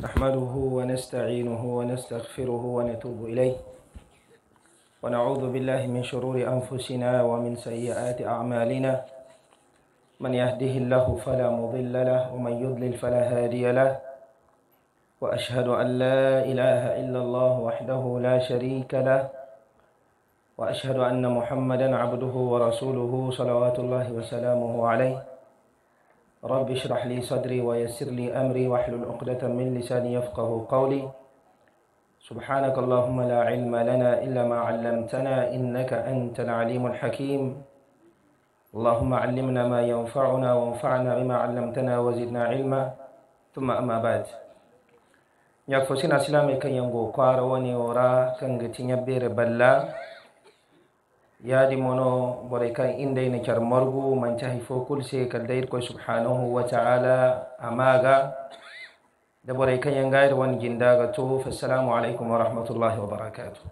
نحمده ونستعينه ونستغفره ونتوب إليه ونعوذ بالله من شرور أنفسنا ومن سيئات أعمالنا من يهده الله فلا مضل له ومن يضلل فلا هادي له وأشهد أن لا إله إلا الله وحده لا شريك له وأشهد أن محمدا عبده ورسوله صلوات الله وسلامه عليه رب اشرح لي صدري ويسر لي أمري واحلل عقدة من لساني يفقه قولي سبحانك اللهم لا علم لنا إلا ما علمتنا إنك أنت العليم الحكيم اللهم علمنا ما ينفعنا وانفعنا بما علمتنا وزدنا علما ثم أما بعد يكفو سنة سلامي كي ينقو قاروني ورا كنغتين يبير بلا yadi mono bore kan indeyna car margu mancahi fo kulse kaldayir ko subhanahu wa taala amaga da bore kan yangayir wan ga to assalamu alaikum wa rahmatullahi wa barakatuh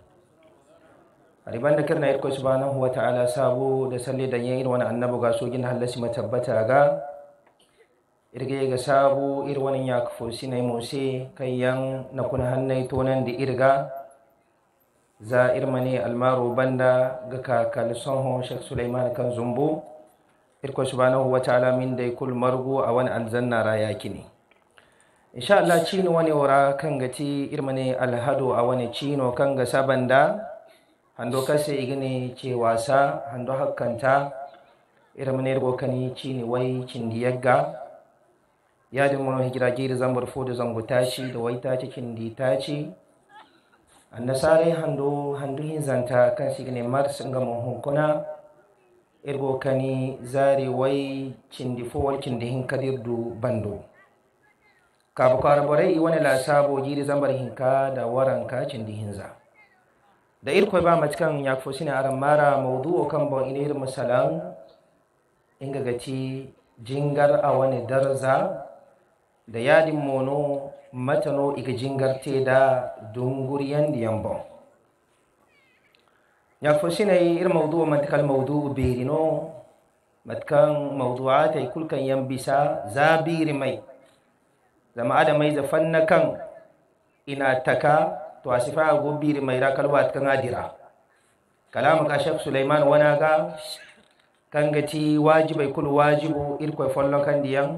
ari banda kirna yir subhanahu wa taala sabu da salli danye ir wani annabu ga sojin hallasima tabbata ga irge ga sabu ir wani yakfo sinai mose kai yan na nakuna hannay tonan da irga za irmani almaro banda ga kakali sonho shek suleiman kan zumbu irko subhanahu wa ta'ala min dai kul margu a wani aljanna raya kini insha Allah cino wani wura kan ga irmani alhado a wani cino kan ga sabanda hando kase igini ce wasa hando hakkanta irmani irgo kani cini wai cindiyagga yadin mono hijira jiri zambar fodo zango tashi da wai taci cindi ci. annasare hando handu hinzanta kan sigine mars ngamo hunkuna irgo kani zari wai cindi fowol cindi hinkadirdu bando kabukara borai iwane la sabo jiri zambar hinka da waranka di hinza da irko ba matkan fo sine aran mara o kan bon ina irin misalan inga gati jingar a wani darza da yadin mono matano iga te da dunguriyan diyan bon ñagfosinay ir mawdua matkal mawdu birino matkan mawduatay kulkan yan bisa za biri mai zama adamai za fanna kan ina taka to asifa go biri mai ra kalwa kan adira kalama ka shek sulaiman wana ga kangati wajibai kul wajibu irko follon kan diyan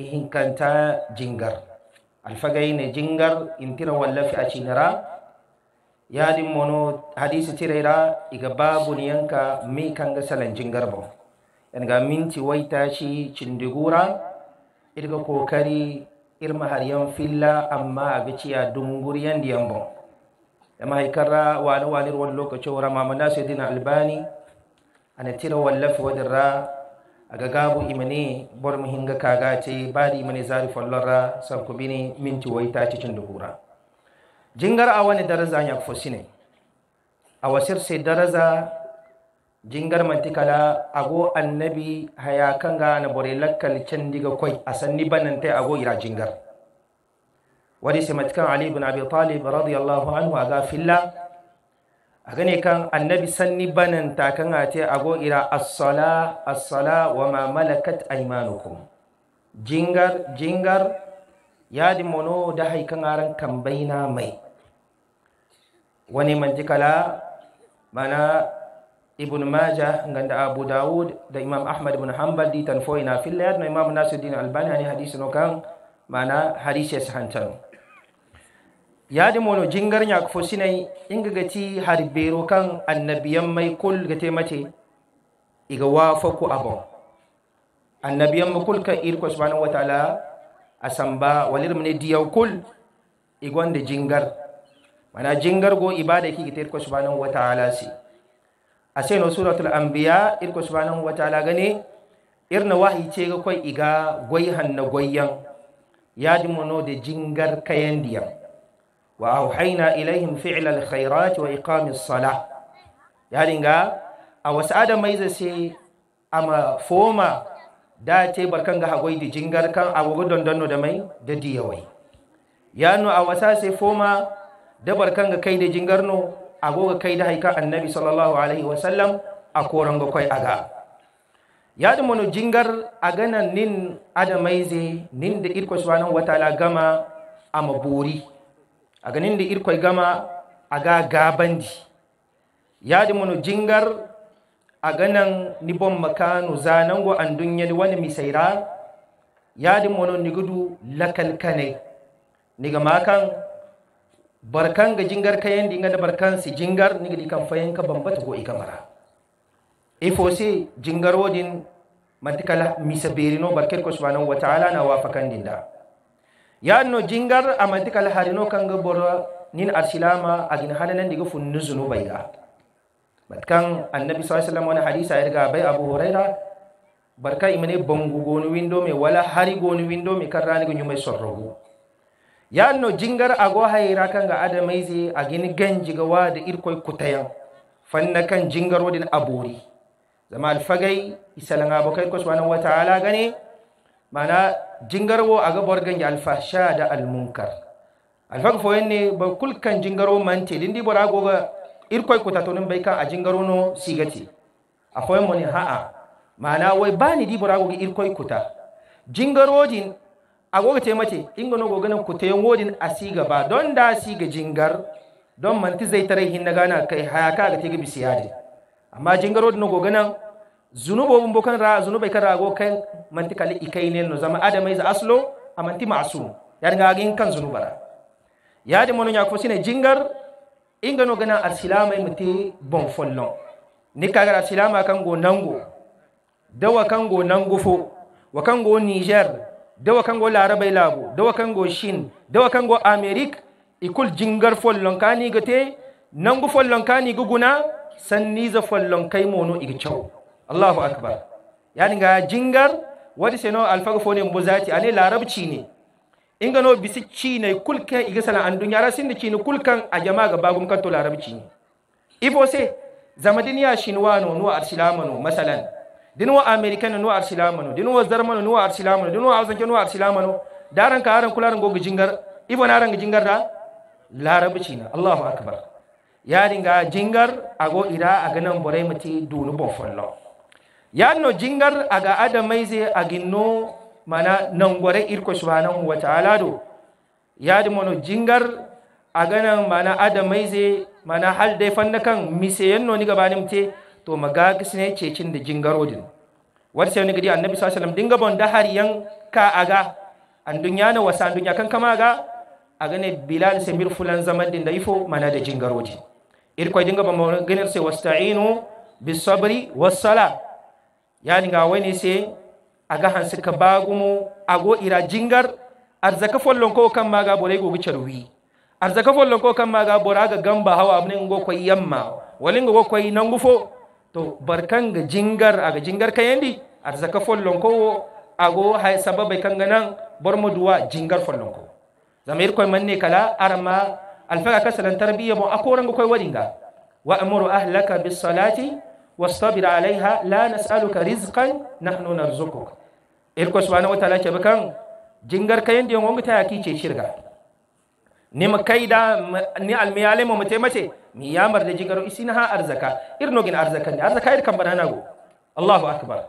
ihinkanta jingar Alfagai ne jingar intira wallafi acinira yadin mono hadisi tirera iga babu niyanka, yanka mi kanga salan jingar bo ga minti ta shi cindigura irga kokari irma har yan filla amma aga ciya dungur Da yambo yama haikarra wani wani ruwan lokacin wara mamana sai dina albani ana tira wallafi wadirra aga gabu imani bor mu hinga kaga ce bari imani zari fallara sab ko bini minti waita cikin dugura jingar a wani daraza ya fosine a wasir sai daraja jingar mantikala ago annabi haya kanga na bore lakkal can diga koi banan banantai ago ira jingar wadi sai matkan ali ibn abi talib radiyallahu anhu aga fillah agane kan annabi sanni banan takan ate ago ira as-sala as wa ma malakat aymanukum jingar jingar yadi mono da haikan aran kambaina mai wani mantikala mana ibn majah nganda abu daud da imam ahmad ibn hanbal di tanfo ina fil yad no imam nasiruddin albani ani hadisi no kan mana hadisi sahantan yaadi mono jingar ñaako fo sinay inga gati har bero kan annabiyan mai kul gate mate iga waafa ku abon annabiyan mai kul ir ko subhanahu wa taala a samba walir mene diyaw kul igonde jingar mana jingar go ibada ki gite ko subhanahu wa taala si a seno suratul anbiya ko subhanahu wa taala gane irna wahi ce ga koy iga goyi hanna goyyan yaadi mono de jingar kayan diyan wa auhaina ilaihin fi'la alkhairat wa iqamis salah ya dinga a wasu adamai zai sai ama foma da te barkan ga hagoi da jingar kan agogo dondono da mai da diyawai ya no a wasa sai foma da barkan kai da jingar no agogo kai da haika annabi sallallahu a koran ga kai aga ya da mono jingar a ganan nin adamai zai nin da irko gama a aga da irkwai gama a ga gabandi yaadi munu jingar a ganin nibon makano zanango an ni wani misaira, misayra yaadi mono nigudu lakalkane ga makan barkan ga jingar kayandi da barkan si jingar ni nigadi kan ka bambata goyi igamara ifo si jingar wodin mantikala misa berino barkel ko subhanahu wa ta'ala na wafakan dinda no jingar amadi kala harino kanga boro nin arsilama agin halanan diga funnu zunubai ga batkan annabi sallallahu alaihi wasallam wani hadisa ya riga bai abu huraira barka imane bangu gonu window me wala hari gonu window me karrani gonyu mai ya no jingar ago hayra kanga adamaizi agin ganji ga wada irkoy kutayan fanna kan jingar wadin abori zama alfagai isalan abokai ko wata ala gane mana jingarwo gabar ganye alfasha da almunkar alfaka ne ba kulkan jingarwo mante dindi bora goga irkoy ko tatonun bai kan a jingaro no sigati a foyen mo ni ha'a mana wai bani di bora goga irkoy kuta jingaro din agoga te mace inga no goga nan kuta yan wodin a siga ba don da siga jingar don manti zai tarai hin na gana kai haya ka ga te ga bisiyade amma jingaro din no goga nan zunubobin bo ra zunubai kan rago kan manti kali ikai ne no zama adamai za aslo a manti masu ya ga gin kan zunubara ya da mono nyako sine jingar ingano gana arsilama imti bon follon ni kaga arsilama kan go nango dawa kan go nango fo wa kan go niger dawa kan go larabai labo dawa kan go shin dawa kan go americ ikul jingar follon kani gate nango follon kani guguna sanni za follon kai mono chau allahu akbar yani ga jingar wadi seno alfaga ne mbozati ane larabci ne inga no bisi ci ne kulkan iga sana an dunya rasin da ci ne kulkan a jama'a ga bagum to larabci ne ifo se zama duniya shinwano no arsilamano masalan dinwa american no arsilamano dinwa zarmano no arsilamano dinwa azanke no arsilamano daran ka aran kularan gogo jingar ifo na ran jingar da larabci ne allahu akbar ya dinga jingar ago ira a ganan bore muti dunu bon yanno jingar aga a aginno mana nangore irko subhanahu wa ta'ala do yadi mono jingar nan mana zai mana hal dai fanna kan mise yanno ni gabanim te to maga ce cecin da din Wani sai ni gidi annabi sallallahu alaihi wasallam dinga bon da har yan ka aga an dunya na wasa dunya kan kama ga aga ne bilal sai mir fulan zaman din da ifo mana da din irko dinga bon ganar sai wasta'inu bis sabri was yani ga nga sai a ga hansi ka ba a go ira jingar arzaka follon ko kan ma maga bore go gicarwi arzaka follon ko kan ma ga bora ga gamba hawa abnin go koy yamma walin go nan gufo to barkan ga jingar a ga jingar ka kayandi arzaka follon ko ago hay sababai kan bar mu duwa jingar follon ko zamir koy manne kala arma alfaga kasalan tarbiyya mo akoran go koy wadinga wa amuru ahlaka bis salati wastabir alaiha la nas'aluka rizqan nahnu narzuquk irko subhanahu wataala ke bakan jingar kayan da yawon ta yaki ce shirga ni makai kaida ni almiyale mu mate mace mi yamar da jigaro isina ha arzaka irno gin arzaka ne arzaka ir kan banana go Allahu akbar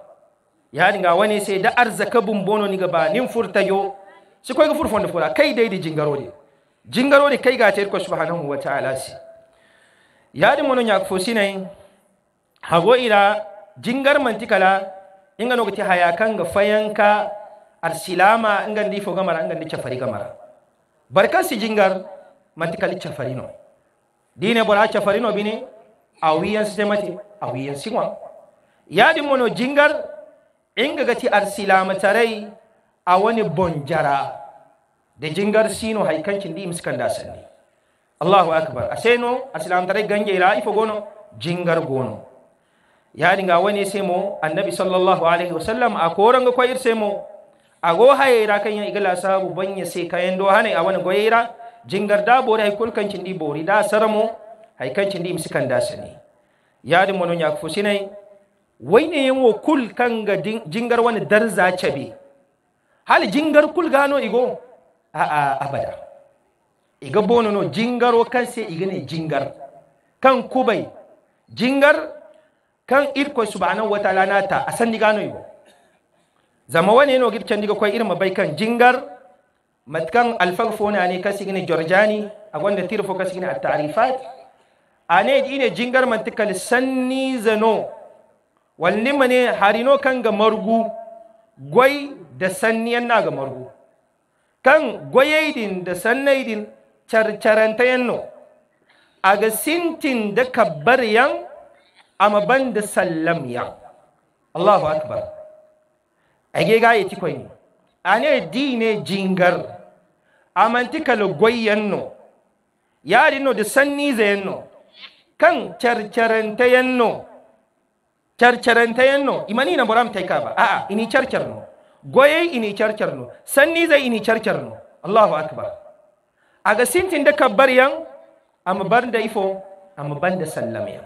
ya dinga wani sai da arzaka bumbono ni gaba nin furta yo shi koy ga furfon da fura kai dai da jingaro ne jingaro ne kai ga ta irko subhanahu shi. si yadin mono nya fo ne. hago ira jingar mantikala inga no ti hayakan ga fayanka arsilama inga ndi fo gamara inga ndi chafari gamara barka si jingar mantikali chafari no dine bora chafari no bini awiyan sistemati awiyan siwan yadi mono jingar inga gati arsilama tarai a wani bonjara da jingar sino haikancin di da sani Allahu akbar aseno arsilama tarai ganje ira ifo gono jingar gono yaringa wani mu annabi sallallahu alaihi wasallam a koran ga koyir semo ago hayira kan ya igala sabu banya sai kayan do hanai a wani goyira jingar da bori hay kulkan di bori da saramo hay kan di misikan da sani yadi mono nya ku sinai waine yin wo kul kan ga jingar wani darza chabe hal jingar kul gano igo a a abada iga bono no jingaro kan sai igane jingar kan kubai jingar kan wata subhanahu a nata asan digano yo zama wani no gibcan diga kwai irma bai kan jingar matkan alfarfo na ne kasigine jorjani a gonda tirfo kasigine a ta'rifat yi ne jingar mantikal sanni zano Wani mane harino kan ga margu gwai da sanni yana ga margu kan gwayaidin da sannaidin carcaranta yanno a ga sintin da kabbar yan amma ban da sallam ya Allahu akbar age ga yati koy ane dine jingar amanti kala goyenno yari no da sanni zayenno kan charcharanta yanno charcharanta yanno imani na boram tai ka ba a'a ini charcharno goye ini charcharno sanni zai ini no. Allahu akbar aga sintin da kabbar yan amma ban da ifo amma ban da sallam yan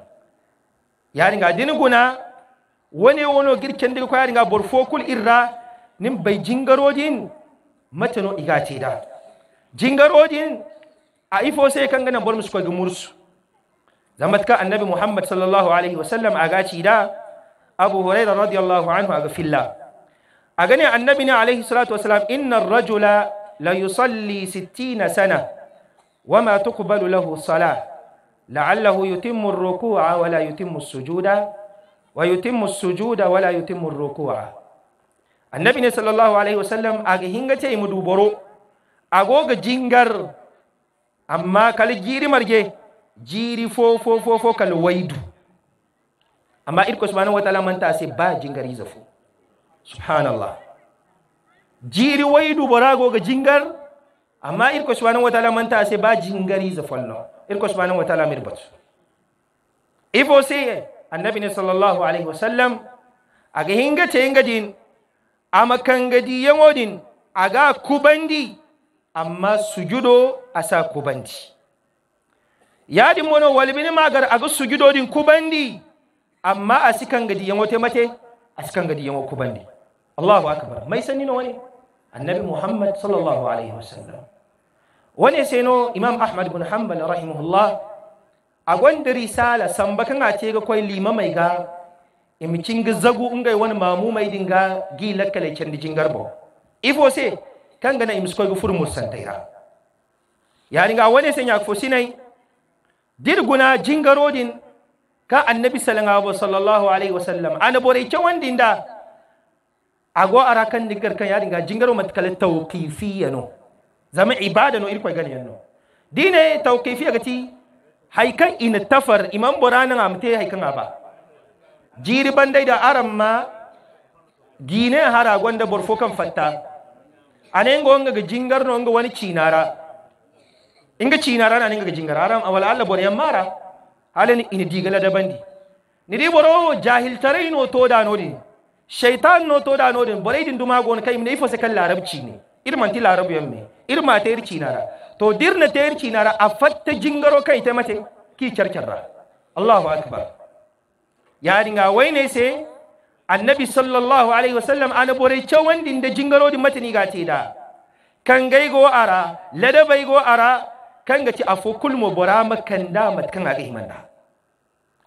yaringa dinguna wani wono da ko yaringa borfokul irra nin bai jingarojin matano da jingarojin a ifo sai kan ganan bor musko gumursu zamatka annabi muhammad sallallahu alaihi wasallam agaci da abu hurairah radiyallahu anhu aga filla A ne annabi ne alaihi salatu wasalam inna rajula la yusalli 60 sana wama tuqbalu lahu salat. لعله يتم الركوع ولا يتم السجود ويتم السجود ولا يتم الركوع النبي صلى الله عليه وسلم اغي هنغتي مدوبرو اغوغ جينغر اما كل جيري مرجي جيري فو فو فو فو كل ويدو اما إلكو سبحانه وتعالى من تاسي با جينغر يزفو سبحان الله جيري ويدو براغوغ جينغر اما إلكو سبحانه وتعالى من تاسي با جينغر يزفو الله irko subhanahu wa ta'ala mirbatu ifo seye annabi ne sallallahu alaihi wasallam aga hinga te hinga din ama kanga di yangodin aga kubandi amma sujudo asa kubandi yadin mono walbini magar aga sujudo din kubandi amma asikan gadi yango te mate asikan gadi yango kubandi Allahu akbar mai sani no wani annabi Muhammad sallallahu alaihi wa sallam. wone seno imam ahmad ibn hanbal rahimahullah gwanda risala samba kan ace ga koy limamai ga imi cinga zagu ngai wani mamu mai dinga gi lakkale candi jingarbo ifo se kan gana imi skoy gufur Ya yani ga wone sen yakfo sinai dirguna jingarodin ka annabi sallallahu alaihi wasallam ana bore ce wandinda ago arakan digar kan ya dinga jingaro matkal tawqifiyano zama ibada no irkoy gani yanno dine tawqifiya gati haikan ina tafar imam buranan amte haikan aba jiri bandai da aram ma gine hara gwanda borfo kan fatta anen go nga jingar no nga wani cinara inga cinara na nga jingar aram awal alla bor yamara halen ina digala da bandi ni di boro jahil tarai no to da no din shaitan no to da no din borai din duma go kai ne ifo se kan larabci ne irman ti larabu yamme irma ta irci nara to dirna ta irci nara a fatta jingaro kai ta mate ki carcarra Allahu akbar ya dinga wai ne sai annabi sallallahu alaihi wasallam ana bore cewan din da jingaro din matani ga te da kan gai go ara lada bai go ara kan ga ci afo kulmo bora makan da matkan aga da.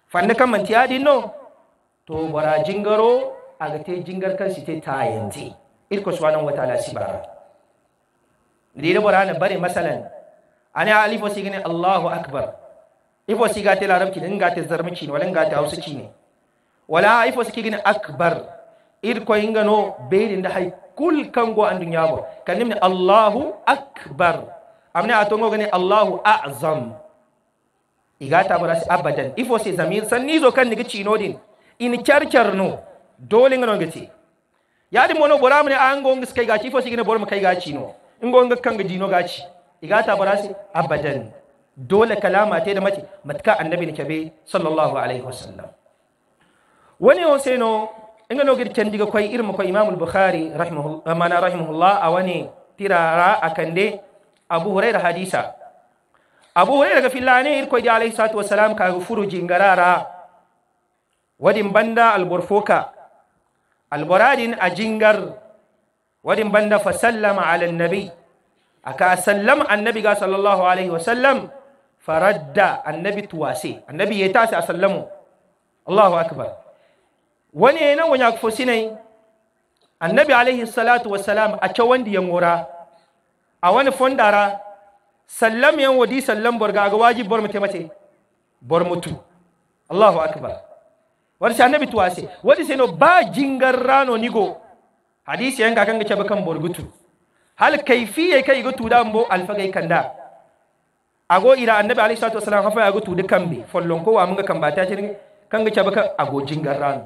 fanna kan manti adin no to bora jingaro aga te jingar kan site ta yanti irko subhanahu wataala sibara rire borana bari masalan ani alifo sigini allahu akbar ifo sigate larabci din gate zarmici ne wala gate hausici ne wala ifo sigini akbar ir ko ingano beedin da hay kul kango andu nyabo kanimni allahu akbar amne atongo gani allahu a'zam igata barasi abadan ifo si zamir sanni zo kan nigi cino din in charchar no dole ngano ngati yadi mono boramne ango ngiskai gachi ifo sigini boram kai gachi no ingon ga kanga dino gaci igata barasi abadan dole kalama te da mace matka annabi ne kabe sallallahu alaihi wasallam wani hosaino inga no gir can diga kwai irma kwai imam al-bukhari rahimahullah mana rahimahullah a wani tirara akande abu hurairah hadisa abu hurairah ga fillane ir kwai alaihi salatu wasalam ka furu jingarara wadin banda al-burfuka al-buradin ajingar jingar wadin banda fa sallama ala annabi aka sallam annabi ga sallallahu alaihi wa sallam faradda annabi tuwase annabi ya tasi a sallamu Allahu akbar wani yana wani akfo sinai annabi alaihi salatu wa salam a ce wanda ya ngora a wani fondara sallam yan wadi sallam borga ga waji bor mate mate bor mutu Allahu akbar wani annabi tuwase wani sai no ba jingar rano nigo hadisi yanka kan gace bakan borgutu hal yai kai gutu da mbo alfagai kanda ago ira annabi alayhi salatu wasallam hafa ya gutu dukan bi follon ko wa mun ga kan bata cin kan gace bakan ago jingar ran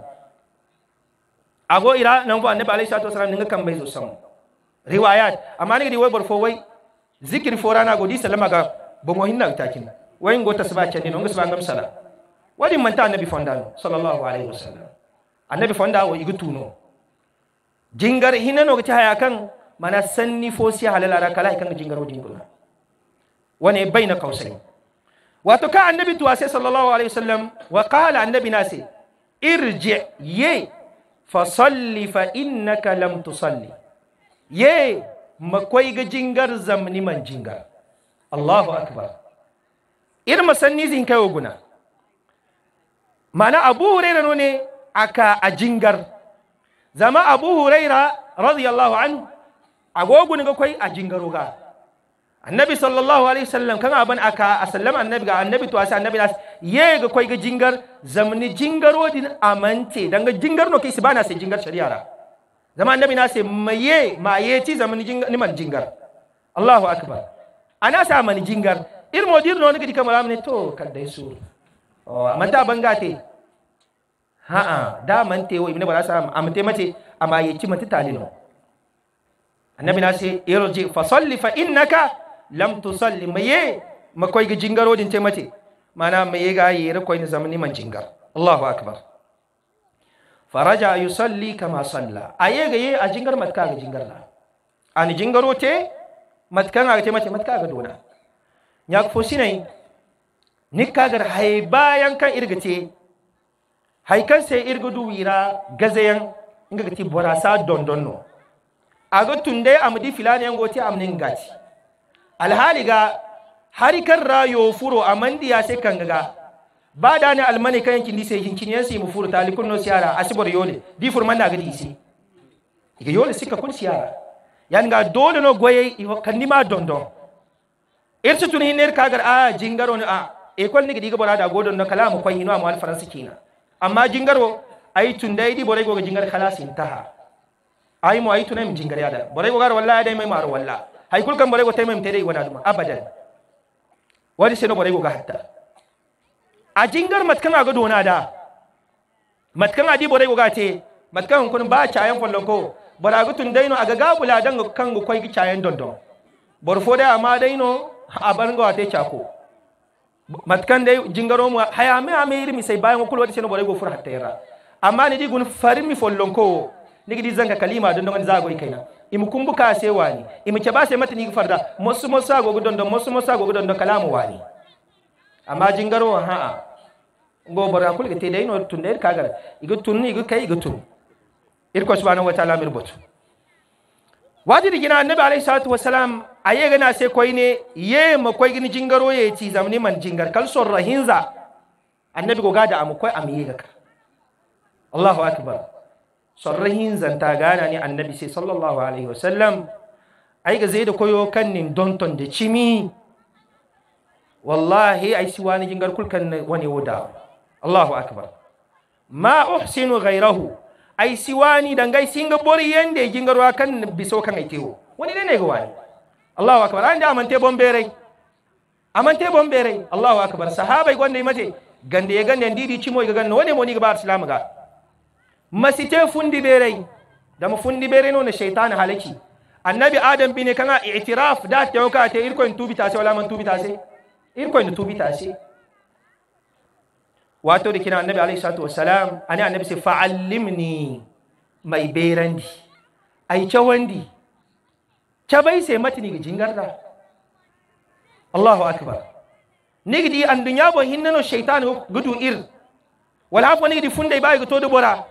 ago ira nan bo annabi alayhi salatu wasallam ninga kan bai zo sam riwayat amma ni riwayat bor fowai zikir forana go di salama ga bongo hinna takin wai go ta cin non gasba sabanga sala wadi manta annabi fondan sallallahu alaihi wasallam annabi fondawo igutuno jingar hina no ci haya kan mana sanni fo fosi halala ra kala kan jingar o jingar wane baina kausai wato ka annabi tuwa sai sallallahu alaihi wasallam wa qala annabi nasi irji ye fa salli fa innaka lam tusalli ye makwai ga jingar zamni man jingar Allahu akbar ir masanni zin kai guna mana abu hurairah ne aka a jingar zama abu huraira radiyallahu anhu agogun ga kai a jingaro ga annabi sallallahu alaihi wasallam kan aban aka a sallam annabi ga annabi to asa annabi nas ye ga kai ga jingar zamni jingaro din amante dan ga jingar no kai sibana sai jingar shari'a zama annabi na sai maye maye ci zamni jingar niman jingar Allahu akbar ana sa mani jingar irmo dirno ne kidi kamar amne to kan dai su oh mata bangate ha'a da man tewo ibn bara sa am te mace amma ya ci mata talino annabi na ce irji fa salli fa innaka lam tusalli maye makoi ga jingaro din te mace mana maye ga yi rakoi ni zamani man jingar Allahu akbar faraja yusalli kama salla aye ga yi a jingar matka ga jingar la an jingaro te matkan ga te mace matka ga dona ya ku fosinai nikka gar hay bayan kan irgate haikan sai irga duwira gazayan inga gati borasa dondon no aga tunde amdi filani yango ti amnin gati alhali ga hari kan rayo furo amandi ya sai kan ga. ba da ne almani kan yankin dise yankin yan sai mu furo talikun no siyara asibor yole di furman na gadi isi ga yole sika kun siyara yan ga dole no goye kan ni ma dondon irsu tun hinner kagar a ah, jingaro ni a ekol ni gidi ga borada godon no kalamu kwan hinu al faransi kina amma jingaro ay tundaidi borai goga jingar khalas intaha ai mo ay tunai mi jingar yada borai goga walla dai mai mar walla hay kulkan boray go taymai tedai wala duma abadan wadi no borai goga hatta a jingar matkan aga dona da matkan adi borai goga te matkan kun ba chayan follon ko boragu tundaino aga gabula danga kangu koy gi chayan dondon borfo da amma daino a barnga te chako matkan dai jingaro mu haya me ame iri mi sai bayan ko kulwati seno boray go fur yara amma ni digun farin mi follon ko ni gidi zanga kalima don don zago ikaina imu kumbuka sai wani imu ke ba sai mata ni farda mosu mosu go gudon don mosu mosu go gudon don kalamu wani amma jingaro ha a go bora kul te dai no tun dai kagar igu tun igu kai igu tun irko subhanahu wa ta'ala mir botu wajiri gina annabi alayhi salatu wasalam aye gana koi ne ye ma koy gini jingaro ye ti zamani man jingar kalsor rahinza annabi goga da am koy am ye Allahu akbar sor rahinza ta gana ne annabi sai sallallahu alaihi wasallam ai ga zai da koyo kan nin donton da cimi wallahi ai si wani jingar kulkan wani wuda Allahu akbar ma uhsinu ghayrahu ay siwani dangay singa bori yende jingaro kan biso kan ay wani woni ne ga wani allahu akbar ande amante rai amante rai allahu akbar sahabai gonde mate gande ya gande didi cimo ga ganno wani moni ga bar islam ga masite fundi berai da mu fundi bere no na shaytan halaki annabi adam bine kana i'tiraf da ta yoka ta irko in tubita sai wala man tubita sai irko in tubita sai wato da kina annabi alaihi salatu wasalam ani annabi sai fa'allimni mai berandi ai ce wandi ce bai sai matini ga jingarda Allahu akbar Nigidi an dunya bo hinnano shaytan gudu ir wal hafu nigdi funde bai ga todo bora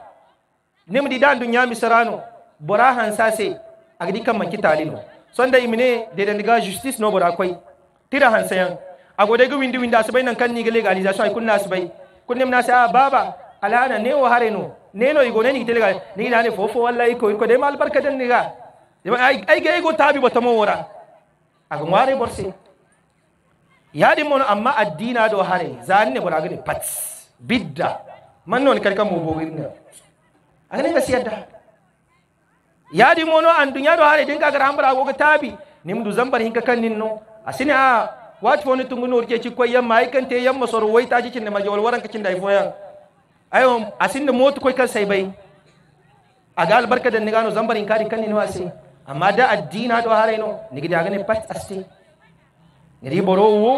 nimdi dan dunya misrano bora han sase agdi kan manki talino sonda imine de den ga justice no bora koi tira han sayan agode gode windi winda asbai nan kan ni ga legalization ai kunna sabai. Kunne mna sa ah, baba alana ne wo hare no ne no igo ne ni telega ni na ne fofo wallahi ko ko de mal barka den niga ay ay ge go tabi bata mo wora aga ngware borse yadi mon amma addina do hare zanne ne gade pat bidda man non karka mo bo wirna ag ne gasiyadda yadi mono an dunya do hare ka gara ambara go tabi nimdu zambar hinka kan ninno asina a ah, wat fo ni tungu nur ke ci koy yamma ay kante yam soro way ta ci ne majol waran ka cin dai foya ayo asin de motu koy kal say bay agal barka da nigano zambarin kari kan ni wasi amma da addina do hare no ni gida gane pat asti ngiri boro wu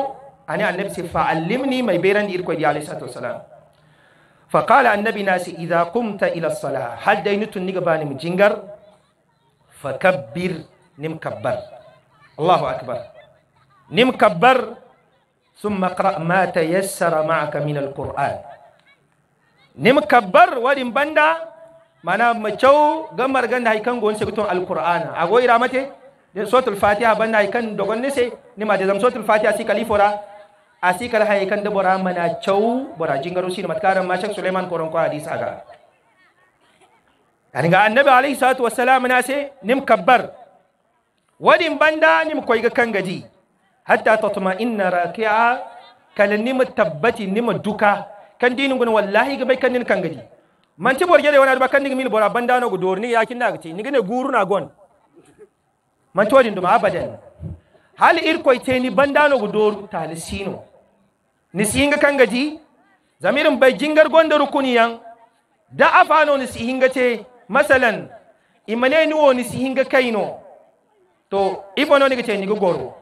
ani annab si fa allimni mai beran dir koy di sallallahu salatu wasalam fa qala annabi nasi idha qumta ila as-salah hal dainatu ni gabani mu jingar fakabbir nim kabbar allahu akbar sun كبر ثم اقرأ ما تيسر معك من القرآن نم كبر ولم banda mana macau gamar ganda hay kan gon sekton A ago iramate de suratul fatiha banda hay kan dogon ne se ni ma de zam suratul fatiha si kalifora asi kal hay kan da bora mana chau bora jingaru shi matkaram ma shek suleiman koron ko hadis aga yani ga annabi alayhi salatu wassalam na se nim kabbar wadin banda nim koy ga kan gaji hatta tatma'inna raki'a kalan nima tabbati nima duka kan dinin gudun wallahi ga bai kan nin kan gadi man borge da wani ba kan nin mil bora banda na gudu ni yakin da gace ni gane guru na gon man to din duma abadan hal irko ite ni banda na gudu talisino ni singa kan gadi zamirin bai jingar gonda yan da afano ni singa te masalan imane ni wo ni singa kaino to ibono ni gace ni goro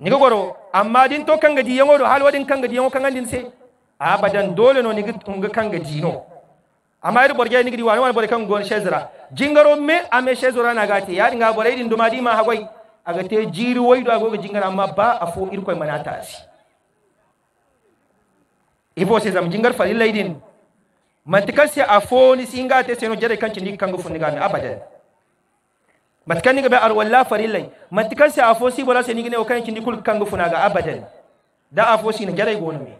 niga goro amma din to kanga di yango do hal wadin kanga di yango kanga din se abadan dole no niga tunga kanga di no amma ir borge niga di wani wani borge kan gon shezra jingaro me ame shezra na gati ya dinga bore din duma di ma hagwai aga te jiri wai do agogo jingara amma ba afo ir koy manata si ibo se zam jingar falilai din mantikal se afo ni singa te seno jere kan cindi kanga funiga abadan matkan ga be arwalla farillai matkan sai afosi bora se nigine o kan kindi kul kan gufuna ga abadan da afosi ne gare gona me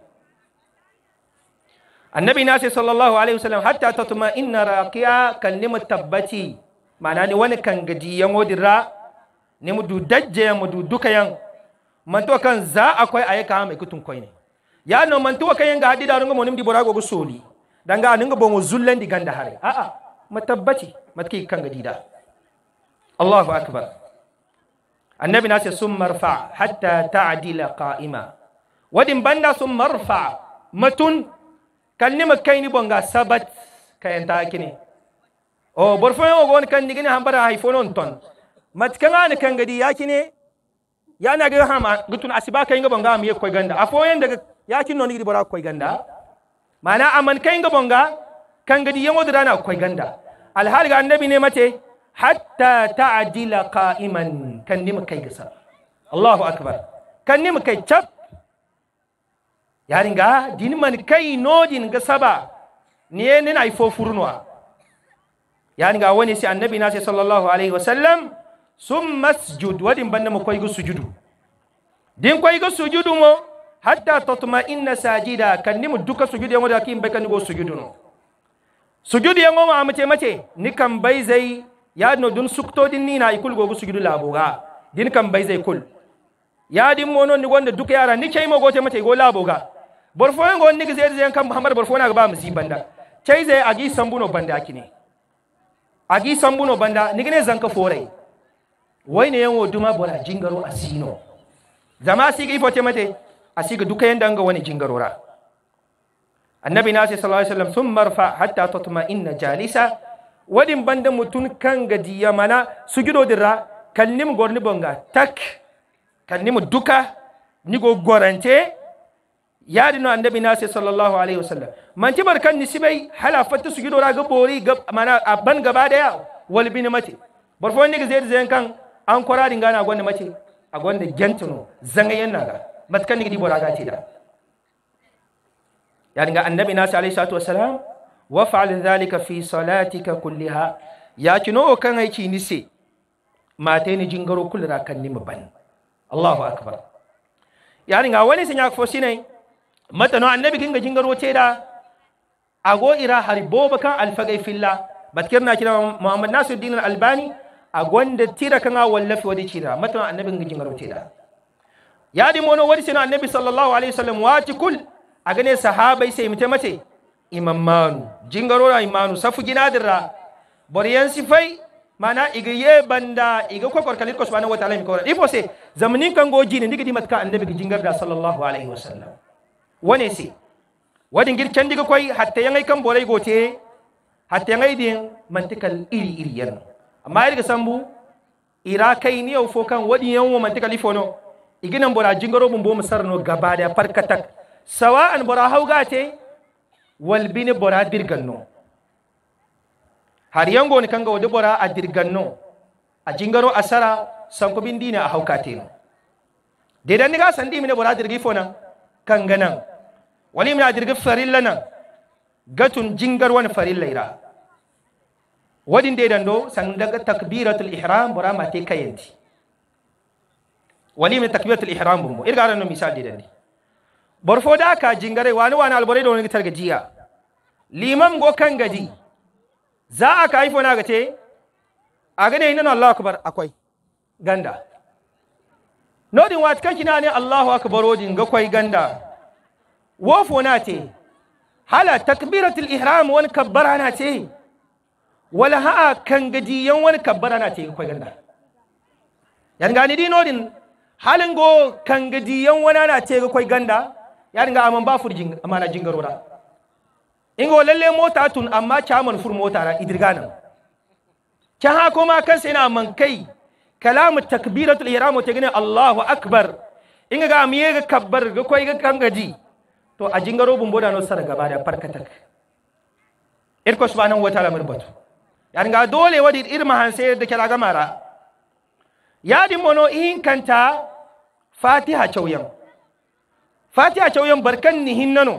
annabi na sai sallallahu alaihi wasallam hatta tatma inna raqiya kalimat tabbati mana ne wani kan gadi yan odira ne mu du dajje mu du duka yan manto kan za akwai ayyuka mai kutun koi ne ya no manto kan yan ga hadi da rungo monim di borago go soli danga ninga bomo zullen di ganda hare a a matabbaci matki kan gadi da الله أكبر النبي ناس ثم ارفع حتى تعدل قائمة ودين بنا ثم ارفع متون كلمة كين بونغا سبت كين تاكني أو برفعه وقول كان نجني هم برا هيفونون تون ما تكلم كان قدي ياكني يا نجر هم قطن أسباب كين بونغا مية كوي غندا أفوين دك ياكني نوني برا كوي غندا معنا أمن كين بونغا كان قدي يمود رانا كوي غندا الحال عند النبي نمتي hatta ta'dila qa'iman kan nima kai gasa Allahu akbar kan nima kai cap yaringa din man kai no din gasaba ne ne na ifo furnuwa yaringa wani sai annabi na sai sallallahu alaihi wasallam sun masjud wadin banna mu koy sujudu din koy sujudu mo hatta tatma'inna sajida kan nimu duka sujudu yango da kin bai kan go sujudu no sujudu yango ma mace mace ni kan bai zai no dun ni nina ikul kulgogu sugidu laboga din kam bai zai kul ya din mono ni gonde duk yara ni mo gote mate go laboga borfoyen gon nigi zeyde zai kam hamad borfo naga ba musi banda cey zai agi sambuno banda kine agi sambuno banda gine zanka Wai ne yanwo duma bora jingaro asino zama siga ifote mate asiga duka yandanga wani jingarora annabi nasi sallallahu alaihi wasallam sun marfa hatta inna jalisa wadin banda mutun kan gadi yamana sugido dirra kalnim gorni bonga tak kalnim duka Ni go gorante yadi no annabi nasi sallallahu alaihi wasallam manti barkan Sibai hala fatta su gido ga bori ga mana aban gaba ya wal bin mate barfo ne ga zai zai kan an kwara dinga na gwanda mace a gwanda gentuno zanga yana ga matkan ni gidi bora ga ce da ya dinga annabi nasi alaihi salatu wasallam waf'al dhalika fi salatika kulliha ya kino o kan aiki ni se mate ni jingaro kulra kan ni maban Allahu akbar yani ga wani sanya ko sine mata no annabi kinga jingaro te da ago ira haribo bakan alfagai filla batkirna kina Muhammad Nasiruddin Al-Albani a gwanda tira kan wallafi wadi cira mata annabi kinga jingaro te da ya di mono wadi sina annabi sallallahu alaihi wasallam wati kul a gane sahabai sai mutai mace Iman manu jingarora imanu safu ginadirra yan sifai mana igiye ye banda iga ko korkalir ko subhanahu wa ta'ala mi kora ifo se zamanin kan go jini ndigi dimat ka annabi jingar da sallallahu alaihi wasallam wane se wadin gir can diga koy hatta yangai kan borai gote hatta yangai din mantikal iri iri yan amma irga sambu ira kai ni yau fokan wadin yan wo mantikal ifono iginan bora jingaro bumbo musarno gaba da farkatak sawa'an bora te. walbini bora dirganno har yango ni kanga wadi bora a dirganno a jingaro asara sanko bin dina a haukateno dedan ni ga sandi mine bora dirgi fona kanga nan wali mina dirgi farilla nan gatun jingar wani farilla ira wadin dedan do san daga takbiratul ihram bora mate kayanti wali mina takbiratul ihram bumo irga ran no misal dedan ni barfo da ka jingare wani wani alborai da wani gitar gajiya. Liman go kan gadi za a ka haifo na gace a gane nan Allah akbar akwai ganda nodin wa cikin kina ne Allahu akbar odin ga kwai ganda Wofo na te hala takbiratul ihram wani kabbara na te wala ha'a kan gadi yan wani kabbara na te kwai ganda yan gani nodin halin go kan gadi yan wani na te ga kwai ganda yaringa aman ba fur jingaro ra. jingarora ingo lalle mota tun amma chaman fur mota ra idirgana cha ha kuma kan sai na man kai kalamu takbiratul ihram ta gane Allahu akbar inga ga miye ga kabbar ga koi ga kangaji to a jingaro bumbo da no sara gaba da farkatak irko subhanahu wataala murbatu yaringa dole wadi irma hanse da kala gamara yadin mono ihin kanta fatiha chauyan fati a yin barkan ni hinnano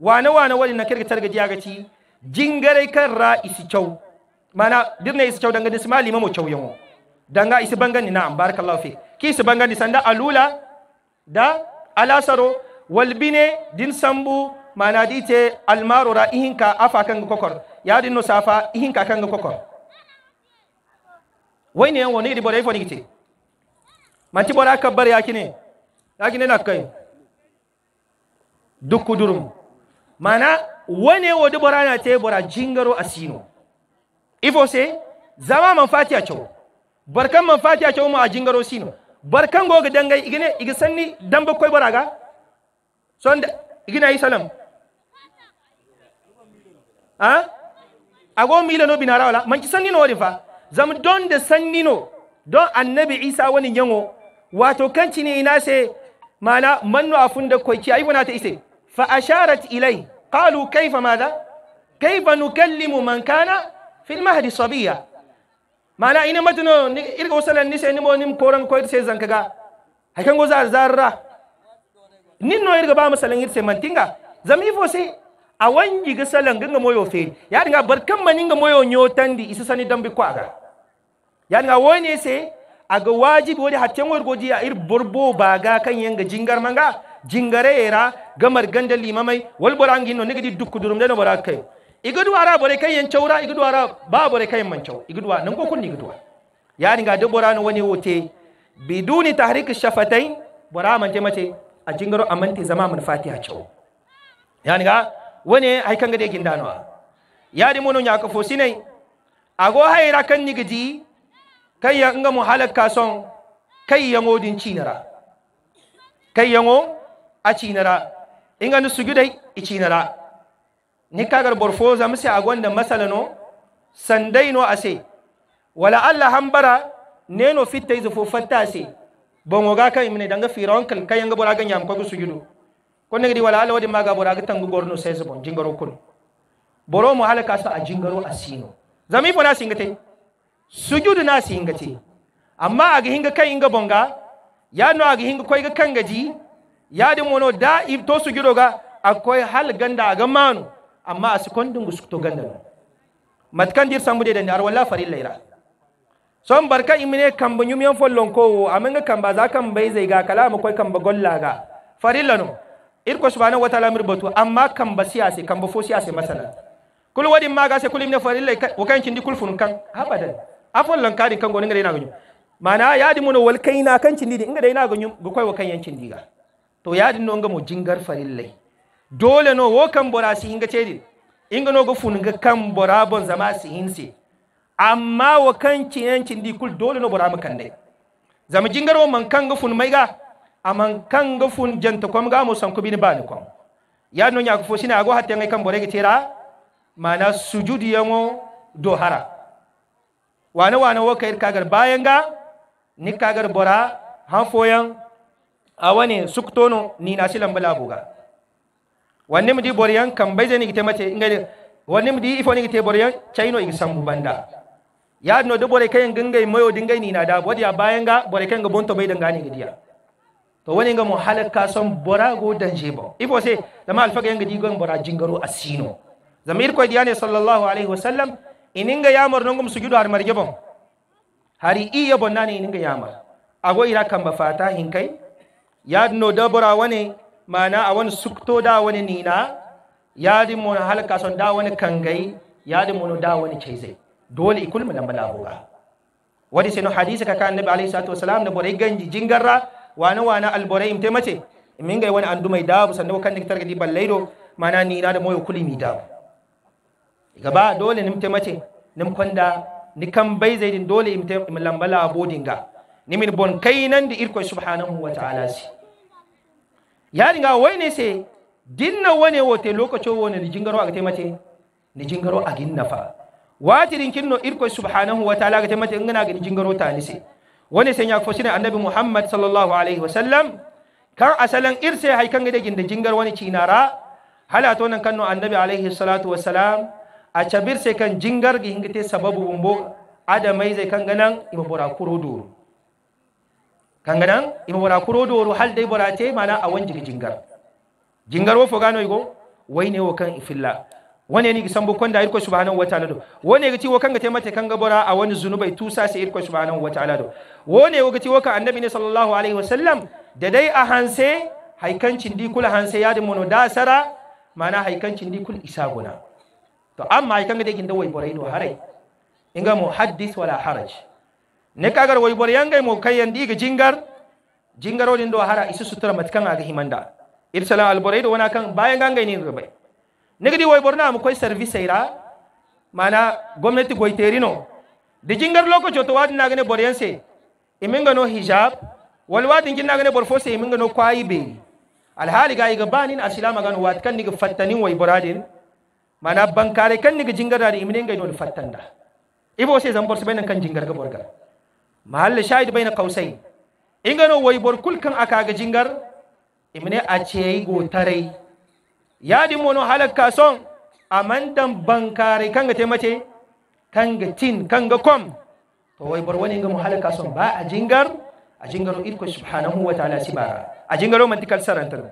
wane wane wani na kirga targa jiya gaci jingarai kan ra isi cau mana dirna isi cau dangane sima lima mu cau yanwo danga isi bangan ni na'am barakallahu fi ki isi bangan ni sanda alula da alasaro walbine din sambu mana dite almaro ra ihinka afa kan ga kokor ya din no safa ihinka kan ga kokor wai ne wani di bora ifo ni gite manti kabbar ya kine ya kine na kai dukkudurum mana wane wo ta yi bora jingaro sino ifo sai zama man fati a cewa barkan man fati a cewa ma jingaro sino barkan goga dangai igine igi sanni dan bakwai baraga son igina yi salam ha ago mila no binara wala man ki sanni no rifa fa zam don da sanni no don annabi isa wani yango wato kanci ne ina se mana manno afun da koiki ayi wana ta ise فأشارت إليه قالوا كيف ماذا؟ كيف نكلم من كان في المهد صبية؟ معنى إن ما تنو إرجع وصل النساء نمو نم كورن كويت سيزن كجا هكذا غزار زارا نين نو إرجع بام سلنج يرسم تينجا زمي فوسي أوان يجي سلنج عنك مو يوفين يعني يا رجع بركم من عنك مو يو تندي إسوساني دم بقوا كا يا يعني رجع وين يسي أجو واجب ودي هتيمو إرجع جيا إير بربو باغا كان ينعك جينجر مانجا jingare era gamar ganda limamai wal borangi no nigidi dukku durum de no barakai igudu ara bore kai yan chaura igudu ara ba bore kai man chau igudu nan ko kun igudu yani ga da no wani wote biduni tahrik shafatai, bora man te mace a jingaro amanti zama mun fatiha chau ya ga wani haikan kan gade gindano yadi mono nya ka fosinai ago haira kan nigidi kai ya nga mu halakka son kai ya din cinara kai yango a cinara inga nu gidai i cinara ni kagar borfo zamsi agonda masalano sandaino ase wala alla hambara neno fitta izo fo fatta ase bongo ga kan imne danga firon kal kayanga boraga nyam ko sujudu ko gidi wala alla wadi maga boraga tangu gorno sezo bon jingaro kun boro mu halaka su a jingaro asino zami fo na singate sujudu na singate amma a ga hinga kai inga bonga ya no ga hinga koy ga gaji. yadi mono da to su sugiroga akoy hal ganda aga manu amma gusku to ganda matkan dir sambude dande ar walla faril laira son barka imine kamba ñumiyan follon kowo amanga kamba za bai zai ga kala ama koy kamba gollaga farilla no irko subhanahu wataala mir batu amma ba siyasi siyase ba fo siyasi masala kul wadi ma ga se kul imine farilla wo kan di kul fun kan abadan a follon kaɗin kan goni ngara inaga ñum mana yadi mono wal kaina kan di ngara inaga ñum go koy wo kan yan cindiga to ya dinno ngamo mo jingar farille dole no wo kan bora si hinga cedi inga no go funga kan bora bon zama si hinse amma wo kan cin di kul dole no bora kan dai zama jingar wo man kan ga fun mai ga aman kan ga fun janta kom ga mo san ko bin bani kom ya no nya ko fo sina go hatta ngai kan bora ga tera mana sujudi yango dohara wane wane wo ka kagar bayan ga ni kagar bora han foyan A wani suktono ni na silan bala buga mu di boryan kan bai zai ni gite ingani wani mu di ifo ni gite boryan chaino igi sambu banda ya no do bore kayan gangai mayo dingai ni na da ya bayan ga bore kayan ga bonto bai danga ni gidiya to wani ga mu halaka son bora go danje jebo ifo sai zama alfaga yanga digon bora jingaro asino zamir ko diyane sallallahu alaihi wasallam ininga yamar nongum sujudu har margebon hari iya bonnani ininga yamar ago ira kamba fata hinkai yaadino dabora wane mana wani sukto da wani nina yadi mon halka son da wani kangai yadi mon da wani cheize dole ikul mun ambala hoga wadi no hadisi ka kan nabi alayhi salatu wasalam da borai ganji jingarra wani wani alborai imte mace min gai wani andu mai dabu sannan kan ni targadi ballaido mana nina da moyo kulimi dabu gaba dole nimte mace nim kwanda ni kan bai zaidin dole imte lambala bodinga nimin bon kai nan da irkoye subhanahu wa taala si yaɗiga wayne se dinna wone wo te lokaco wo nde jingaro aga mace. nde jingaro agin nafa watirin kinno irkoye subhanahu wa taala aga temate nganagani jingaro tani se woni se ñag fosine annabi Muhammad sallallahu alaihi wa sallam kan asalan irse hay kangede ginde jingar wani cinara hala to nan kanno annabi alayhi salatu salam. a cabirse kan jingar gi hingete sababu bumbo adamai zai kan ganan ima bora kuro duru kanganan ibo wona kuro hal halde borate mana a jigi jingar jingar wo fogano igo ne wo kan ifilla wani ni gisan bukon da irko subhanahu wa ta'ala do wani gici wo kan ga mate kan gabora a wani zunubai tusa sai irko subhanahu wa ta'ala do wani wo gici wo kan annabi ne sallallahu alaihi wa sallam. da dai a hanse haikancin kula hanse ya da mono sara. mana haikancin kul isa guna to amma haikan ga kin da wai borai do harai inga muhaddis wala haraj ne kagar way bor yangay mo kayan diga jingar jingarodin do hara isu sutura matkan aga himanda irsala alborai do wana kan bayan gangay ni rubai nigdi way bor na mu koy service ira mana gwamnati goy terino de jingar lokaco to wadi nagane bor yanse iminga no hijab wal wadin jin nagane bor fose iminga no kwayi be alhali ga iga banin asilama gan wat kan niga fattanin way boradin mana bankare kan niga jingar da iminen ga don fattanda ibo sai zan bor sibenan kan jingar ga borgar mahalla shahid bayna kausai ingano way bor kulkan aka ga jingar imne acey go tarai yadi mono halakka son amandan bankare kanga temate kanga tin kanga kom to way bor woni ngamu halakka son ba a jingar a jingaro irko subhanahu wa ta'ala sibara a jingaro mantikal sarantar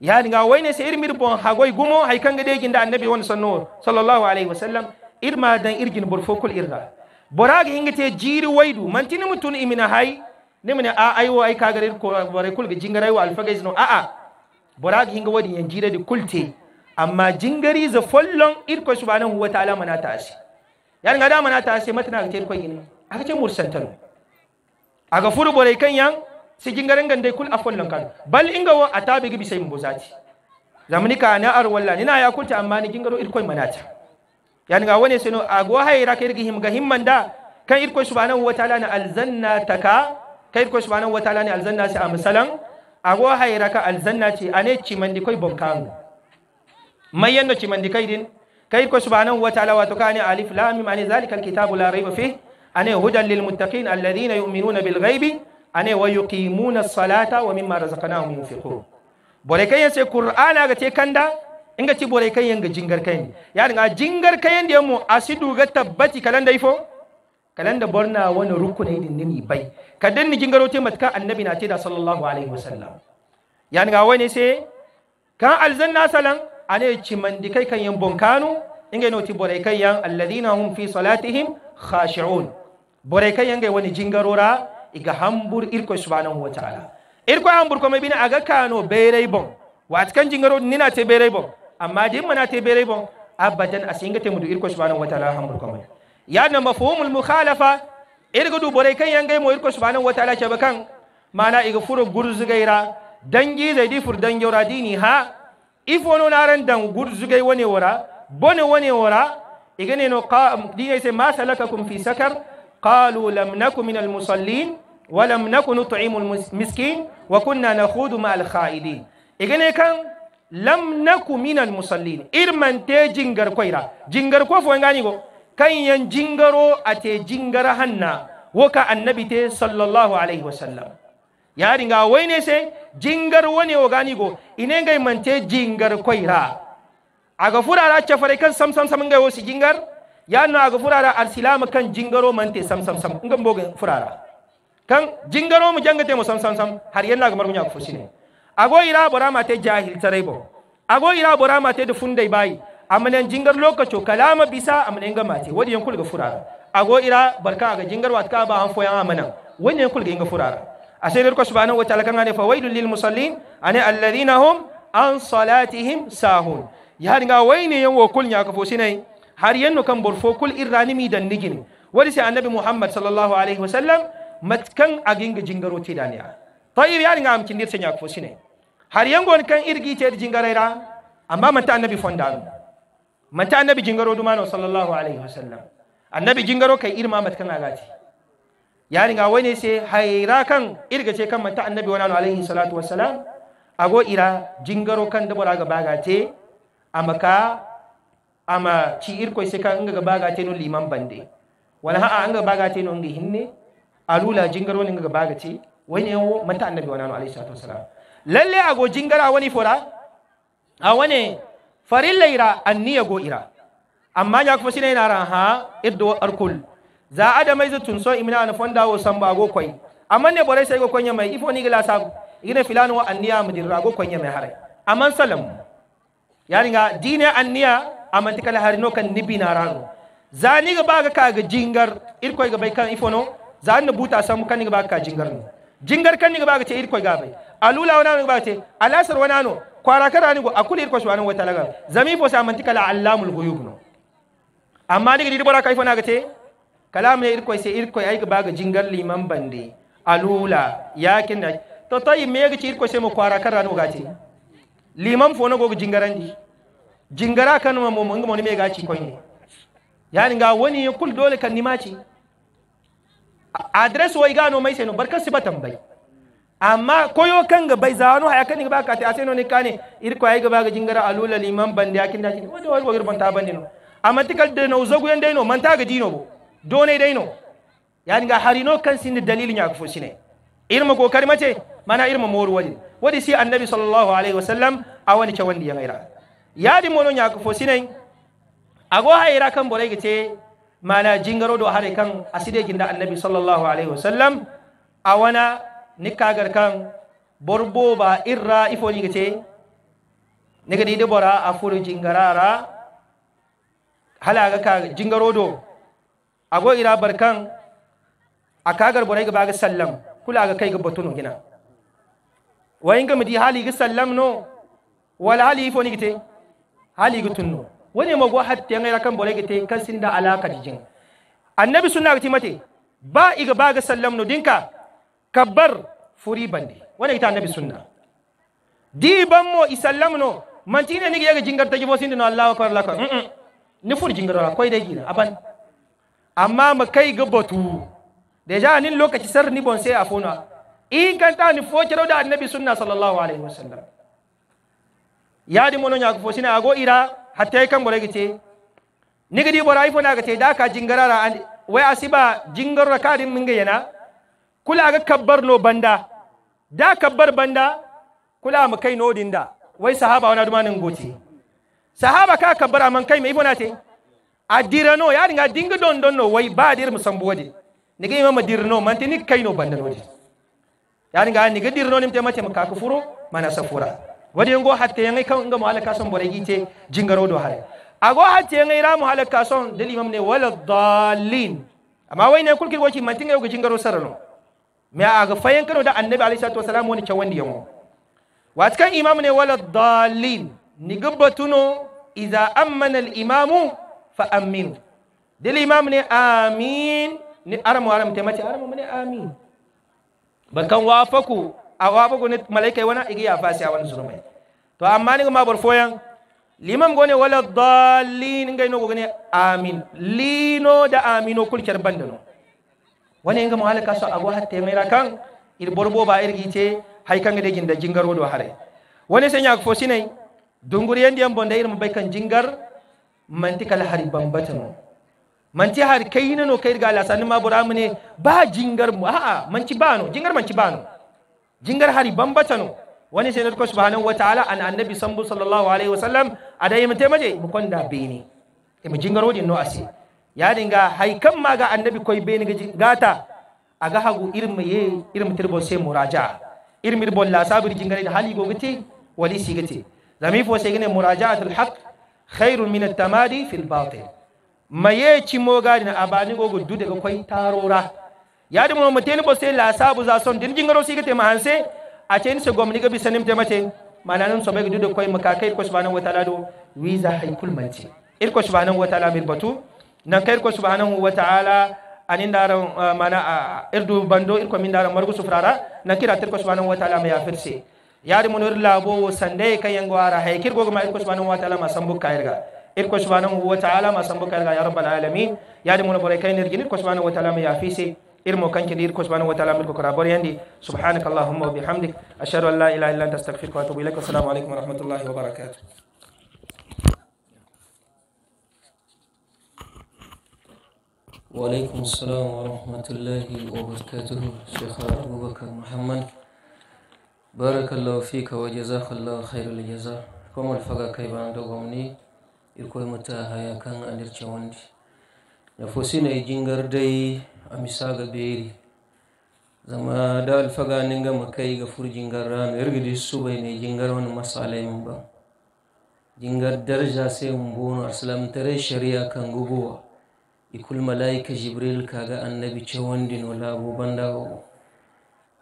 yani wai ne sai irmir bon hagoy gumo hay kanga de da annabi wani sanno sallallahu alaihi wasallam irma dan irgin bor fokul irga boraga te jiri waidu, man mantini mutun imina hay mun a ah, aywo ay gari ko bare ga jingare wa alfa gaizno a a boraga hinga wadi yan jira di kulte amma jingari za follon irko subhanahu wa ta'ala mana ta ashe yan ga da mana ta ashe matana ga ko yin aka ce mursantalo aga furu bore kan yan si jingaren gande kul a follon kan bal inga wa atabi gibi sai mbozati zamani ka na ar walla ni na ya kulta amma ni jingaro irko ta يعني قوانا سنو أقوها يراكيرجهم جهيم من دا كان يركو سبحانه وتعالى ألزنا تكا كان يركو سبحانه وتعالى ألزنا سام سلام أقوها يراك ألزنا تي أنا تي من ديكوي بمكان ما ينو تي من ديكايدين كان يركو سبحانه وتعالى وتكاني ألف لام من ذلك الكتاب لا ريب فيه أنا هدى للمتقين الذين يؤمنون بالغيب أنا ويقيمون الصلاة ومما رزقناهم ينفقون بولكين سي قرآن أغتي كندا ga ci boray kai yanga jingar ne ya nga jingar kayen de mo asidu ga tabbati kalanda ifo kalanda borna wani rukunai din ne bai kadan ni jingaro te matka annabi na ce da sallallahu alaihi wasallam yani ga wani sai kan alzanna salan ane ci mandikai kan yan bonkanu in no noti boray kai yan alladina hum fi salatihim khashi'un boray kan yanga wani jingarora iga hambur irko subhanahu wa ta'ala irko hambur ko mai bina aga kano berai bon wa atkan jingaro ni na te berai bon amma de mana te bere bon abadan asinga te mudu irko subhanahu wa ta'ala hamur kamai ya na mafhumul mukhalafa irgo du bore kan yangai mo irko subhanahu wa ta'ala ce bakan mana iga furu gurzu gaira dangi zai di fur dangi ora dini ha ifono naran dan gurzu gai wane wara bone wane wara iga ne no qa dini sai ma salakakum fi sakar qalu lam nakum minal musallin ولم نكن نطعم المسكين وكنا نخوض مع الخائدين إجني كان lam naku minal musallin irman te jingar koira jingar ko fo ngani go kan yan jingaro ate jingara hanna woka annabi te sallallahu alaihi wasallam ya ringa waine se jingar wone o gani go ine ngai man te jingar koira aga furara fare kan sam sam sam ngai si jingar ya no aga furara al silam kan jingaro man te sam sam sam ngam boga furara kan jingaro mu jangate mu sam sam sam har yanna ga marunya ko fusine ago ira bora mate jahil ta bo ago ira bora mate da fundai bai amanan jingar lokaco kalama bisa amanan ga mate wadi yankul ga furara ago ira barka ga jingar wat ba han foyan amanan wani yankul ga inga furara asai rarko subhanahu wa ta'ala kan ne fa lil musallin ane alladhina hum an salatihim sahun ya dinga waine yan wokul nya ka fo sinai har yanno kan borfo kul irranimi dan nigini wadi sai annabi muhammad sallallahu alaihi wasallam matkan aginga jingaro daniya. Fa iri yarin kan a amcin dirce nyakufu shine, har yanyan gwani kan irgi jingaro yara, amma manta an Fonda a manta an jingaro ɗuma a nɗa alaihi wa sallam. jingaro kai iri ma matakan ala te, yarin kan ce haira kan irga ce kan manta an wa na a nɗa ala yin salatu wa salam, a ira jingaro kan dabara ga baga te, a maka, a ma ci ce kan gaga baga te no liman bande, wani ha'a an gaga baga te no in ga hin jingaro ni naga baga te. wani yawo mata annabi wa nanu alayhi salatu wasalam lalle ago jingara wani fora a wani la'ira ira anniya go ira amma ya kuma shine yana ha iddo arkul za adamai zutun so imina na fonda wo ba go koi amma ne bore sai go konya mai ifo ni gila sa igine filanu wa anniya mudirra go konya mai hare amman salam yani ga dine anniya amanti kala no kan nibi na rano zani ga ga ka ga jingar irkoi ga bai kan ifono zani buta samu kan ga ba ka jingar ne jingar kan niga baga ce irko bai alula wana niga bagace ce alasar wana no kwara kara go akuli irko shi wana wata laga zami fo sa mantika la allamul ghuyub no amma diga didi bora kai na ga ce kalam ne irko sai irko ai ga baga jingar liman bande alula yakin da to tayi me ga ce irko sai mu kwara kara nigo ga ce liman fo na go jingarandi jingara kan mu mun ga mu me ga ci koyi yani ga wani kul dole kan ni ma ci. adres wa igano mai seno barkan si batan bai amma koyo kan ga bai zano haya kan ba ka ta aseno ne kane irko ai ga ba ga jingara alula liman bande yakin da jin wani wani wani ta bande no amma tikal da no zagu yan daino man ta ga dino bo done daino yani ga harino kan sin dalilin ya kufo shine irma kokari mace mana irma moru wani wadi si annabi sallallahu alaihi wasallam a wani ce wanda ya gaira yadi mono ya kufo shine ago haira kan borai ga ce mana jingaroɗo hare kan aside ginda annabi sallallahu alaihi wa sallam a wona nikkagar kan borboba irra ne gadi ɗiɗe bora a furo jingarara halaga ka do ago ira barkan kan a kagar borai gaba ga sallam kula ga kai ga batuno gina wayin ga mudi hali ga sallam no wala hali ifo ni gite hali ga tunno Wani mo go hatte ngai kan borege te kan sinda alaka jin annabi sunna ga timate ba iga ga sallam no dinka kabbar furi bandi wani ita annabi sunna di ban mo isallam no mantine ni ga jingar ta jibo sinda no allah akbar laka mm ni fur jingar ko dai gina aban amma ma kai ga batu deja nin lokaci sar ni bon sai afona in kan ta ni fo kero da annabi sunna sallallahu alaihi wasallam yadi mono nya ko sina ago ira hatta kan bora gite gidi bora ifo na gate da ka jingarara wai asiba jingarra kadin minga yana kula ga kabbar no banda da kabbar banda kula mu kai no dinda wai sahaba wana nan goce sahaba ka kabbar man kai mai ibona te adira no ya dinga dinga don don no wai ba dir musambu wadi nige imama dirno mante ni kai no banda no ya dinga ni ga dirno nimte mace maka kufuro mana safura wajen go hatta yangai kan inga muhalaka son bore gite jingaro do hare a go hatta yan ira muhalaka son dal imam ne wala dallin amma wai ne kulkir goci mantin ga jingaro sarano me a ga fayan kano da annabi alayhi salatu wasalam wani cewan da wa watkan imam ne wala dallin ni gabbatuno idza amana al imam fa amin dal imam ne amin ni aramu aramu temati aramu ne amin bakan wafaku awa bo gone malaika wana igi ya fasi awan surmai to amma ni ma bor foyan limam gone wala dallin ngai no gone amin lino da amino kul ker bandano wani inga mo halaka so agwa hatte mera kan ir borbo ba irgite hay kan de ginda jingaro do hare wani sanya ko sinai dunguri yandi am bonda ir mabai kan jingar manti kala hari bambatano manti har kai no kai ga lasanin ma buramune ba jingar mu a'a manci bano jingar manci bano jingar hari bambatano wani sai narko subhanahu wataala an annabi sambu sallallahu alaihi wasallam ada yimi temaje mu konda beni e mu jingar din no asi ya dinga haikan ma ga annabi koy beni ga gata aga hagu irin ye irin tirbo sai muraja irin mirbo la sabir da hali gogati wali sigati zami fo sai muraja muraja'atul haqq khairun min at-tamadi fil batil maye ci mogadin abani gogo du daga koy tarora yaadi mo muteni bose la sabu za son din jingaro sigi te mahanse a chen se gomni ga bisanim te mate mananum so ga dudo koy maka kai ko subhanahu wa ta'ala do wiza kul manti ir ko subhanahu wa ta'ala min batu na kai ko subhanahu wa ta'ala anin daran eh, mana eh, irdu bando ir ko min daran margu sufrara na kira tir ko subhanahu wa ta'ala ma ya firse yaadi mo nor labo sande kai yangwara hay kir gogo ma ir ko subhanahu wa ta'ala ma sambu kairga ir ko subhanahu wa ta'ala ma sambu kairga ya rabbal alamin ya mo nur bore kay nirgin ir ko subhanahu wa ta'ala ma ya fise إرمو كان كدير كوش بانو وتعالى ملكو كرابور يندي سبحانك اللهم وبحمدك أشهد أن لا إله إلا أنت أستغفرك وأتوب إليك والسلام عليكم ورحمة الله وبركاته وعليكم السلام ورحمة الله وبركاته شيخ أبو بكر محمد بارك الله فيك وجزاك الله خير الجزاء كم الفقا كيف عندو غمني يكوي كان أندر تشواند نفوسي نيجينغر ga beri zama da alfaga gama makai ga fur jingar rano su bai ne jingar wani masalai mu ba jingar darja sai mun bono aslam tare shari'a kan gugowa ikul malaika jibril kaga annabi ce wandi no labo banda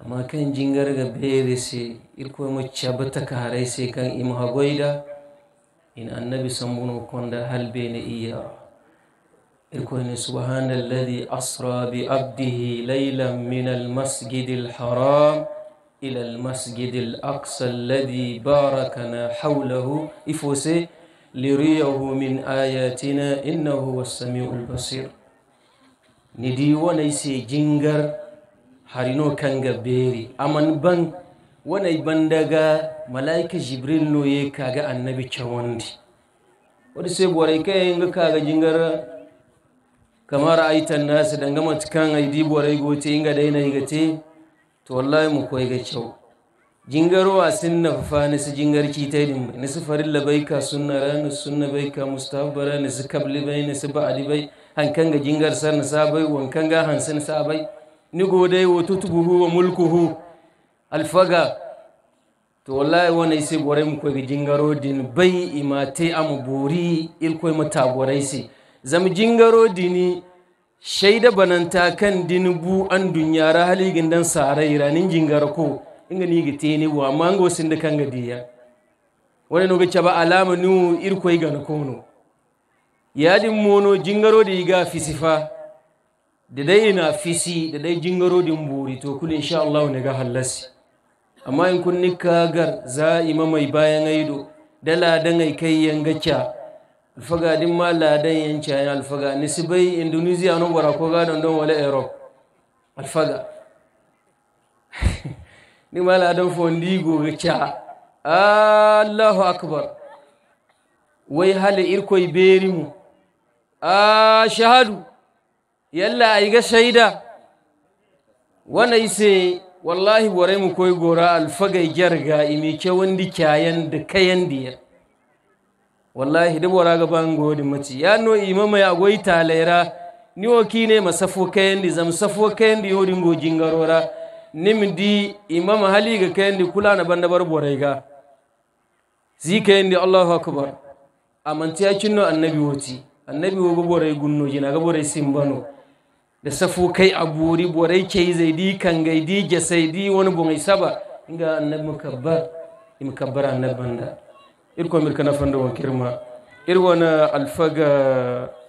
amma kan jingar ga beri sai irko mu cabata ka harai sai kan imha in annabi sambuno konda halbe na iya ikuni subhanalladhi asra bi abdihi laylan minal masjidil haram ilal masjidil aqsa alladhi na hawlahu ifose liriyahu min ayatina innahu was-sami'ul basir nidi wona harino kanga beri aman ban bandaga malaika jibril no kaga annabi chawandi wadi se bore kay kamar aitan nasu gama cikin aidi borai gote inga daina igate to wallahi mu koyi ga kyau jingarwa sun na fa ni su jingar ki ta yi ni su farin labaika sunna sun na baika mustahabbara ni su kabli bai ni su ba'adi bai hankan ga jingar sar na sabai wankan ga hansin sabai ni godai wa tutubuhu wa mulkuhu alfaga to wallahi wani sai borai mu koyi ga jingaro din bai imate amu bori ilkoi mata borai sai zam jingaro dini shaida bananta kan dini bu an ra hali gindan sara iranin jingaro ko inga ni ga ni wa mango sinda kan ga diya wani no gacha ba alama nu irkoi ga kono yadin mono jingaro da iga fisifa da dai na fisi da dai jingaro din buri to kun insha Allah ne ga halasi amma in kun nika gar za bayan aido dala dan ai kai cha alfaga din ma ladan yanci ayan alfaga nisibai indonesia nan gwara ko gadon don wale europe alfaga ni ma ladan fondi gobe ca allahu akbar wai hali irkoi beri mu a shahadu yalla yi ga shaida wana ise wallahi bore mu koi gora alfaga jarga imi ke wandi kyayan da kayan diyar wallahi da wara ga ban godin mace ya no imama ya goyi laira ni o kine ma safo kayandi zam safo kayandi yodi ngo jingarora nim di imama hali ga kayandi kula na banda bar borai ga zi kayandi allahu akbar amanti ya kinno annabi woti annabi wo go borai gunno jina ga borai simbano da safo kai a bori borai kai zai di kan gaidi di gesai di wani bungai saba inga annabi mukabbar imkabbara annabi banda irko mirkana fando kirma irwana alfaga